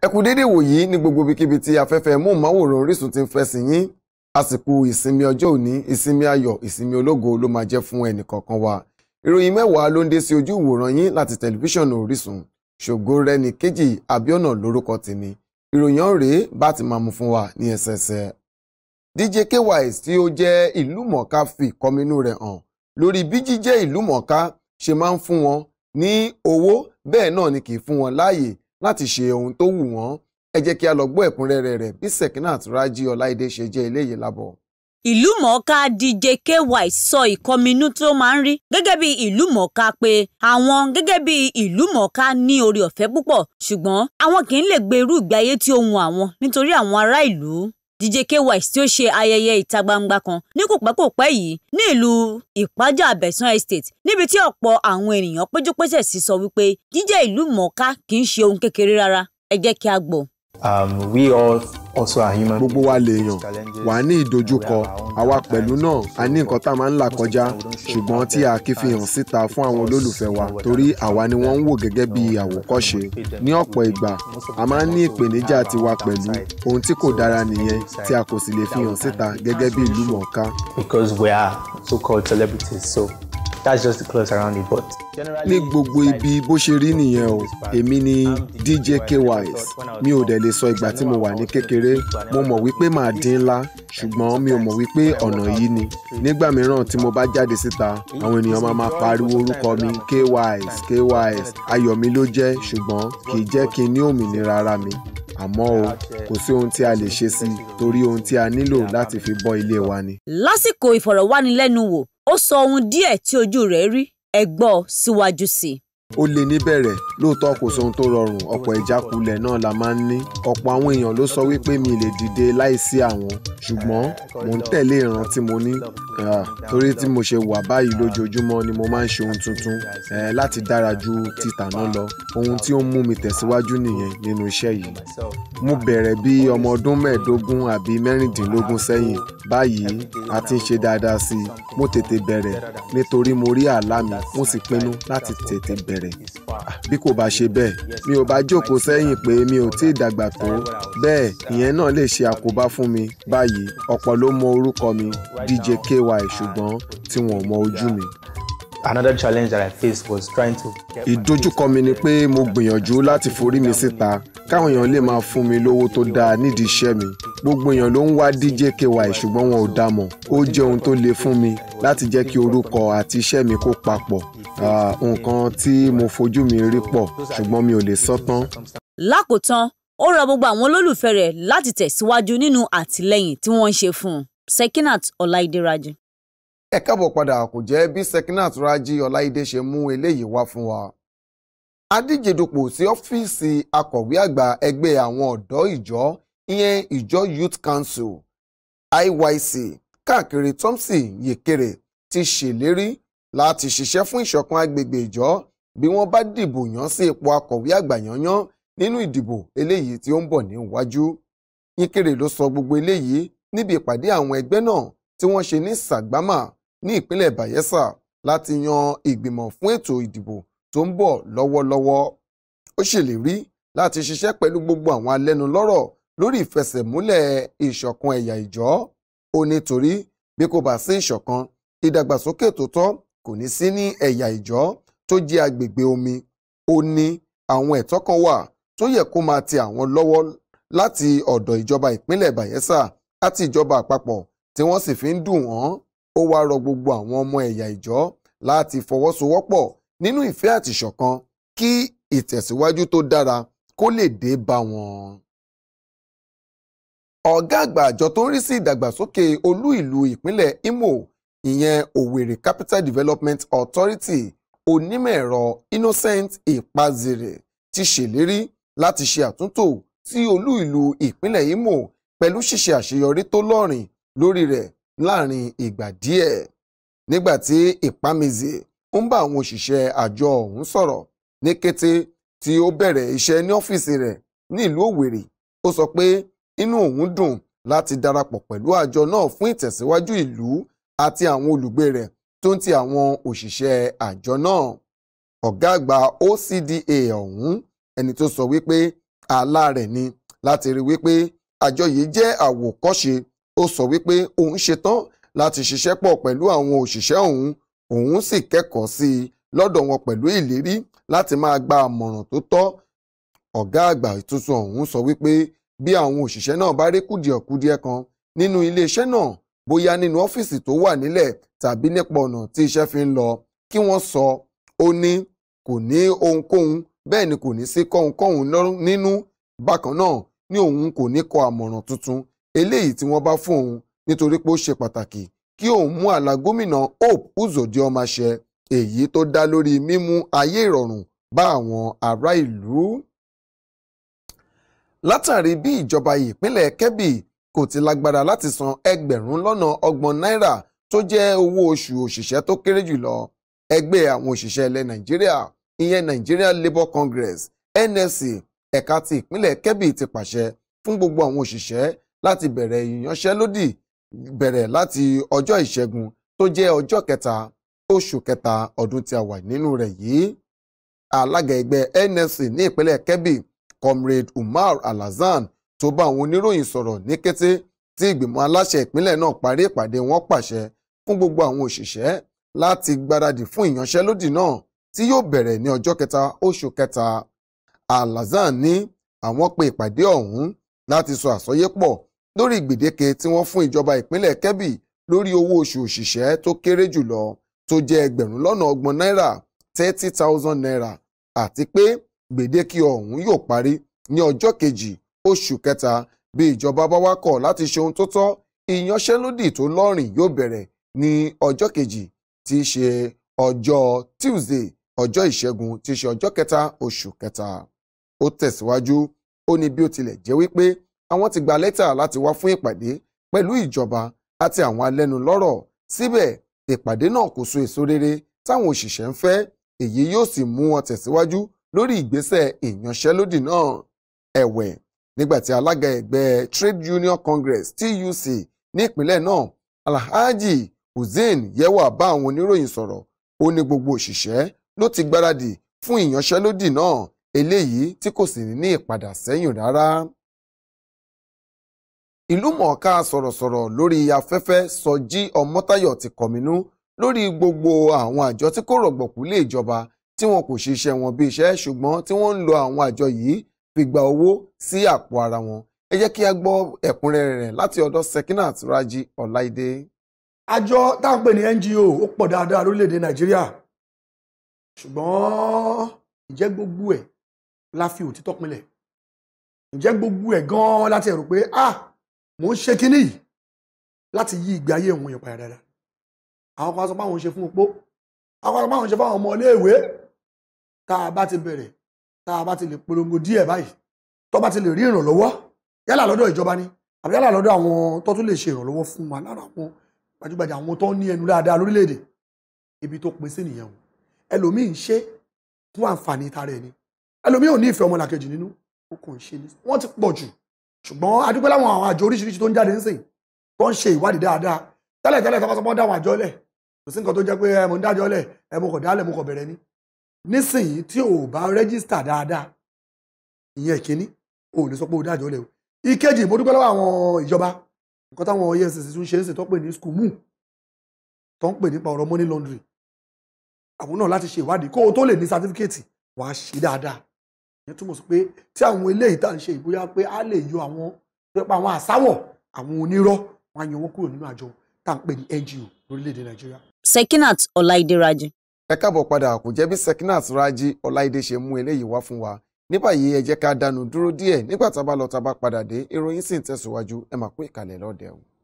ẹ kú dédé wòyí ní gbogbo ibikíbi tí afẹ́fẹ́ móhùnmáwòrán Orísun ti ń fẹ́ sí yín àsìkò ìsinmi ọjọ́ òní ìsinmi ayọ̀ ìsinmi ológo ló máa jẹ́ fún ẹnìkọ̀ọ̀kan wa ìròyìn mẹ́wàá ló ń dé sí ojú ìwòran yín láti tẹlifíṣàn Orísun ṣògo rẹni kejì Abíọ́nà lórúkọ tèmi ìròyìn ọ̀rẹ́ bá ti máa mú fún wa ní ẹsẹẹsẹ. DJ Kaywise tí ó jẹ́ ìlúmọ̀ọ́ká fi ìkọminú rẹ̀ hàn lórí bí jíjẹ́ ìlúmọ̀ọ́ká ṣe máa ń fún wọn ní owó bẹ́ẹ̀ náà ni kì í fún wọn láàyè láti ṣe ohun tó wù wọ́n ẹ jẹ́ kí a lọ gbọ́ ẹ̀kúnrẹ́rẹ́ rẹ̀ bí Sekinat Raji Ọláìdé ṣe jẹ́ eléyìí lábọ̀. Ìlúmọ̀ọ́ká DJ KY sọ ìkọminú tó máa ń rí gẹ́gẹ́ bí ìlúmọ̀ọ́ká pé àwọn gẹ́gẹ́ bí ìlúmọ̀ọ́ká ní oore ọ̀fẹ́ púpọ̀ ṣùgbọ́n àwọn kì í lè gbé irú ìgbé ayé tí ó wù àwọn nítorí àwọn ará ìlú. DJ Kaywise tí ó ṣe ayẹyẹ ìta gbangba kan ní kò pẹ́ kò pẹ́ yìí ní ìlú Ìpájà Àbẹ̀sán Estate níbi tí ọ̀pọ̀ àwọn ènìyàn péjúpésẹ̀ sí sọ wípé jíjẹ́ ìlú mọ̀ọ́ká kì í ṣe ohun kékeré rárá ẹ jẹ́ kí a gbọ́. Um, we all also are human. gbogbo wa lèèyàn wà á ní ìdojúkọ àwa pẹ̀lú náà a ní nǹkan tá a máa ń là kọjá ṣùgbọ́n a kì í fi hàn síta fún wa torí àwa ni wọ́n ń wò gẹ́gẹ́ bí àwòkọ́ṣe ní ọ̀pọ̀ ìgbà a máa ń ní ìpèníjà tiwa pẹ̀lú ohun tí kò dára nìyẹn tí a kò sì lè fi hàn síta gẹ́gẹ́ bí ìlú because we are so-called celebrities so that's just the clothes around it but. ní gbogbo ibi bó ṣe rí nìyẹn o èmi ni DJ KYS, mi ò dẹ̀ lè sọ ìgbà tí mo wà ní kékeré mo mọ̀ wípé màá dín ńlá ṣùgbọ́n mi ò mọ̀ wípé ọ̀nà yìí ni nígbà mìíràn tí mo bá jáde síta àwọn ènìyàn máa máa pariwo orúkọ mi Kaywise Kaywise ayọ̀ mi ló jẹ́ ṣùgbọ́n kì í jẹ́ kí n ní òmìnira ara mi àmọ́ o kò sí ohun tí a lè ṣe sí i torí ohun tí a nílò láti fi bọ́ ilé wa ni. lásìkò ìfọ̀rọ̀wánilẹ́nuwò ó sọ ohun díẹ̀ tí ojú rẹ̀ rí ẹ gbọ́ síwájú sí i ó lè níbẹ̀rẹ̀ lóòótọ́ kò sóhun tó rọrùn ọ̀pọ̀ ìjákulẹ̀ náà la máa ń ní ọ̀pọ̀ àwọn èèyàn ló sọ wípé mi lè dìde láìsí àwọn ṣùgbọ́n mò ń tẹ̀lé ìran tí mo ní torí tí mo ṣe wà báyìí lójoojúmọ́ ni mo máa ń ṣe ohun tuntun láti dára ju ti tàná lọ ohun tí ó ń mú mi tẹ̀síwájú nìyẹn nínú iṣẹ́ yìí mo bẹ̀rẹ̀ bí ọmọ ọdún mẹ́ẹ̀ẹ́dógún àbí mẹ́rìndínlógún sẹ́yìn báyìí àti ń ṣe dáadáa sí i mo tètè bẹ̀rẹ̀ nítorí mo rí àlá mi mo sì pinnu láti tètè bẹ̀rẹ̀ ah, bí kò bá ṣe bẹ́ẹ̀ mi ò bá jókòó sẹ́yìn pé mi ò tí ì dàgbà tó bẹ́ẹ̀ ìyẹn náà lè ṣe àkóbá fún mi báyìí ọ̀pọ̀ ló mọ orúkọ mi DJ KY ṣùgbọ́n tí wọ́n mọ ojú mi another challenge that I faced was trying to. ìdojúkọ mi ni pé mo gbìyànjú láti forí mi síta káwọn èèyàn lè máa fún mi lówó tó dáa nídìí iṣẹ́ mi gbogbo èèyàn ló ń wá DJ KY ṣùgbọ́n wọn ò dá mọ̀ ó jẹ́ ohun tó le fún mi láti jẹ́ kí orúkọ àti iṣẹ́ mi kó papọ̀ nǹkan tí mo fojú mi rí pọ̀ ṣùgbọ́n mi ò lè sọ tán. lákòótán ó rọ gbogbo àwọn olólùfẹ́ rẹ̀ láti tẹ̀síwájú nínú àtìlẹ́yìn tí wọ́n ń ṣe fún un Sekinat Ọláìdérajú ẹ káàbọ̀ padà kò jẹ́ bí Sekinat Raji Ọláìdé ṣe mú eléyìí wá fún wa. adíje dupò sí ọ́fíìsì akọ̀wé àgbà ẹgbẹ́ àwọn ọ̀dọ́ ìjọ ìyẹn ìjọ Youth Council IYC káàkiri Thompson Yekere ti ṣèlérí láti ṣiṣẹ́ fún ìṣọ̀kan agbègbè ìjọ bí wọ́n bá dìbò yàn sí ipò akọ̀wé àgbà yanyan nínú ìdìbò eléyìí tí ó ń bọ̀ níwájú. Yekere ló sọ gbogbo eléyìí níbi ìpàdé àwọn ẹgbẹ́ náà tí wọ́n ṣe ní Sàgbámà ní ìpínlẹ̀ Bayelsa láti yan ìgbìmọ̀ fún ètò ìdìbò tó ń bọ̀ lọ́wọ́lọ́wọ́ ó ṣèlérí láti ṣiṣẹ́ pẹ̀lú gbogbo àwọn alẹ́nulọ́rọ̀ lórí ìfẹsẹ̀múlẹ̀ ìṣọ̀kan ẹ̀yà ìjọ́ ó nítorí bí kò bá sí ìṣọ̀kan ìdàgbàsókè tó tọ́ kò ní sí ní ẹ̀yà ìjọ́ tó jẹ́ agbègbè omi ó ní àwọn ẹ̀tọ́ kan wà tó yẹ kó máa ti àwọn lọ́wọ́ láti ọ̀dọ̀ ìjọba ìpínlẹ̀ Bayelsa àti ìjọba àpapọ̀ tí wọ́n sì fi ń dùn wọ́n ó wáá rọ gbogbo àwọn ọmọ ẹ̀yà ìjọ láti fọwọ́sowọ́pọ̀ nínú ìfẹ́ àtìṣọ̀kan kí ìtẹ̀síwájú tó dára kó lè dé bá wọn. ọ̀gá àgbà àjọ tó ń rí sí ìdàgbàsókè olú ìlú ìpínlẹ̀ Imo ìyẹn Owerri Capital Development Authority onímọ̀ Innocent Ipazere ti ṣèlérí láti ṣe àtúntò sí olú ìlú ìpínlẹ̀ Imo pẹ̀lú ṣíṣe àṣeyọrí tó lọ́rìn lórí rẹ̀ láàrin ìgbà díẹ̀ nígbà tí Ìpamìzì ń bá àwọn òṣìṣẹ́ àjọ ọ̀hún sọ̀rọ̀ ní kété tí ó bẹ̀rẹ̀ iṣẹ́ ní ọ́fíìsì rẹ̀ ní ìlú Òwèrì ó sọ pé inú òun dùn láti darapọ̀ pẹ̀lú àjọ náà fún ìtẹ̀síwájú ìlú àti àwọn olùgbé rẹ̀ tó ń ti àwọn òṣìṣẹ́ àjọ náà ọ̀gá àgbà OCDA ọ̀hún ẹni tó sọ wípé àlá rẹ̀ ni láti rí wípé àjọ yìí jẹ́ àwòkọ́ṣe ó sọ wípé òun ṣetán láti ṣiṣẹ́ pọ̀ pẹ̀lú àwọn òṣìṣẹ́ òun òun sì kẹ́kọ̀ọ́ sí i lọ́dọ̀ wọn pẹ̀lú ìlérí láti máa gba àmọ̀ràn tó tọ́ ọ̀gá àgbà ìtúnṣe ọ̀hún sọ wípé bí àwọn òṣìṣẹ́ náà bá rí kùdìẹ̀kudiẹ kan nínú iléeṣẹ́ náà bóyá nínú ọ́fíìsì tó wà nílẹ̀ tàbí nípa ọ̀nà tí iṣẹ́ fi ń lọ kí wọ́n sọ ó ní kò ní ohunkóhun bẹ́ẹ̀ ni kò ní sí kọ́hunkọ́hun nínú bákan náà ni òun kò ní kọ àmọ̀ràn tuntun eléyìí tí wọ́n bá fún òun nítorí pé ó ṣe pàtàkì kí òun mú àlá gómìnà Hope Uzodinma ṣẹ èyí tó dá lórí mímú ayé ìrọ̀rùn bá àwọn ará ìlú. látàrí bí ìjọba ìpínlẹ̀ Kebbi kò ti lágbára láti san ẹgbẹ̀rún lọ́nà ọgbọ̀n náírà tó jẹ́ owó oṣù òṣìṣẹ́ tó kéré jùlọ ẹgbẹ́ àwọn òṣìṣẹ́ ilẹ̀ Nàìjíríà ìyẹn Nigeria Labour Congress NLC ẹ̀ka ti ìpínlẹ̀ Kebbi ti pàṣẹ fún gbogbo àwọn òṣìṣẹ́ láti bẹ̀rẹ̀ ìyanṣẹ́lódì bẹ̀rẹ̀ láti ọjọ́ ìṣẹ́gun tó jẹ́ ọjọ́ kẹta oṣù kẹta ọdún tí a wà nínú rẹ̀ yìí alága ẹgbẹ́ NLC ní ìpínlẹ̀ Kebbi comrade Umar alazan tó bá àwọn oníròyìn sọ̀rọ̀ ní kété tí ìgbìmọ̀ aláṣẹ ìpínlẹ̀ náà parí ìpàdé wọn pàṣẹ fún gbogbo àwọn òṣìṣẹ́ láti gbáradì fún ìyanṣẹ́lódì náà tí yóò bẹ̀rẹ̀ ní ọjọ́ kẹta oṣù kẹta Alhassan ní àwọn pe ìpàdé ọ̀hún láti sọ àsọyépọ̀ lórí gbèdéke tí wọ́n fún ìjọba ìpínlẹ̀ Kebbi lórí owó oṣù òṣìṣẹ́ tó kéré jùlọ tó jẹ́ ẹgbẹ̀rún lọ́nà ọgbọ̀n náírà thirty thousand naira àti pé gbèdéke ọ̀hún yóò parí ní ọjọ́ kejì oṣù kẹta bí ìjọba bá wá kọ̀ láti ṣe ohun tó tọ́ ìyanṣẹ́lódì tó lọ́rìn yóò bẹ̀rẹ̀ ní ọjọ́ kejì tí í ṣe ọjọ́ Tuesday ọjọ́ ìṣẹ́gun tí í ṣe ọjọ́ kẹta oṣù kẹta ó tẹ̀síwájú ó ní bí ó tilẹ̀ jẹ́ wípé àwọn ti gba lẹ́tà láti wá fún ìpàdé pẹ̀lú ìjọba àti àwọn alẹ́nulọ́rọ̀ síbẹ̀ ìpàdé náà kò so èso rere táwọn òṣìṣẹ́ ń fẹ́ èyí yóò sì mú wọn tẹ̀síwájú lórí ìgbésẹ̀ ìyanṣẹ́lódì náà ẹ̀wẹ̀ nígbàtí alága ẹgbẹ́ Trade Union Congress TUC ní ìpínlẹ̀ náà Alhaji Hussein Yewa bá àwọn oníròyìn sọ̀rọ̀ ó ní gbogbo òṣìṣẹ́ ló ti gbáradì fún ìyanṣẹ́lódì náà eléyìí tí kò sì ní ní ìpadà sẹ́yìn rárá ìlú mọ̀ọ́ká sọ̀rọ̀sọ̀rọ̀ lórí afẹ́fẹ́ Sọjí Ọmọ́táyọ̀ ti kọ̀mínú lórí gbogbo àwọn àjọ tí kò rọ̀gbọ̀kú lé ìjọba tí wọn kò ṣiṣẹ́ wọn bí iṣẹ́ ṣùgbọ́n tí wọ́n ń lo àwọn àjọ yìí fi gba owó sí àpò ara wọn ẹ jẹ́ kí a gbọ́ ẹ̀kúnrẹ́rẹ́ rẹ̀ láti ọ̀dọ̀ Sekinat Raji Ọláìdé. àjọ tá à ń pè ní NGO ó pọ̀ dáadáa lórílẹ̀‐èdè Nàìjíríà ṣùgbọ́n ǹjẹ́ gbogbo ẹ̀ la fi òtítọ́ pinlẹ̀ ǹjẹ́ gbogbo ẹ̀ gan-an láti ẹ̀rù pé ah mò ń ṣe kínní yìí láti yí ìgbé ayé òun yẹn padà dáadáa àwọn kan sọ pé àwọn ń ṣe fún opó àwọn kan sọ pé àwọn ń ṣe fún àwọn ọmọ iléèwé tá a bá ti bẹ̀rẹ̀ tá a bá ti lè polongo díẹ̀ báyìí tó bá ti lè rí ìrànlọ́wọ́ yálà lọ́dọ̀ ìjọba ni àbí yálà lọ́dọ̀ àwọn tó tún lè ṣe ìrànlọ́wọ́ fún wa lára àwọn gbajúgbajà àwọn tó ní ẹnu dáadáa lórílẹ̀‐èdè ibi tó pin sí nìyẹn o ẹlòmíì ń ṣe fún àǹfààní tara ẹni ẹlòmíì ò ní ìfẹ́ ọmọlàkejì nínú ó kàn ń ṣe ní wọ́n ti pọ̀ jù ṣùgbọ́n adúpẹ́ láwọn àwọn àjọ oríṣiríṣi tó ń jáde ń sìn tó ń ṣe ìwádìí dáadáa tẹ́lẹ̀ tẹ́lẹ̀ tọ́kọ́ sọpọ́ dáwọn àjọ lẹ̀ kò sí nǹkan tó jẹ́ pé ẹ mo ń dájọ́ lẹ̀ ẹ mo kọ̀ dálẹ̀ mo kọ̀ bẹ̀rẹ̀ ni nísìnyí tí o bá rẹ́gísítà dáadáa ìyẹn ìkíní o lè sọ pé o dájọ́ lẹ̀ o ìkejì mo dúpẹ́ lọ́wọ́ àwọn ìjọba nǹkan táwọn EFCC tún ṣe ń sìn tó ń pè ní school mu tó ń pè nípa ọ̀rọ̀ money laundry àwọn náà láti ṣe ìwádìí kó o tó lè ní certificate wàá ṣe dáadáa ìyẹn túmọ̀ sí pé tí àwọn eléyìí tá à ń ṣe ìbóyá pé á lè yọ àwọn pẹ́pẹ́ àwọn àsáwọ̀ àwọn onírọ́ wọn á yan wọn kúrò nínú àjọ tá à ń pè ní NGO lórílẹ̀ Nàìjíríà. Sekinat Ọláìdé Rájí. ẹ káàbọ̀ padà kò jẹ́ bí Sekinat Rájí Ọláìdé ṣe mú eléyìí wá fún wa ní báyìí ẹ jẹ́ ká dánu dúró díẹ̀ nígbà tá a bá lọ tá a bá padà dé ìròyìn sì ń tẹ̀síwájú ẹ máa kó ìkàlẹ̀ lọ́dẹ̀ o.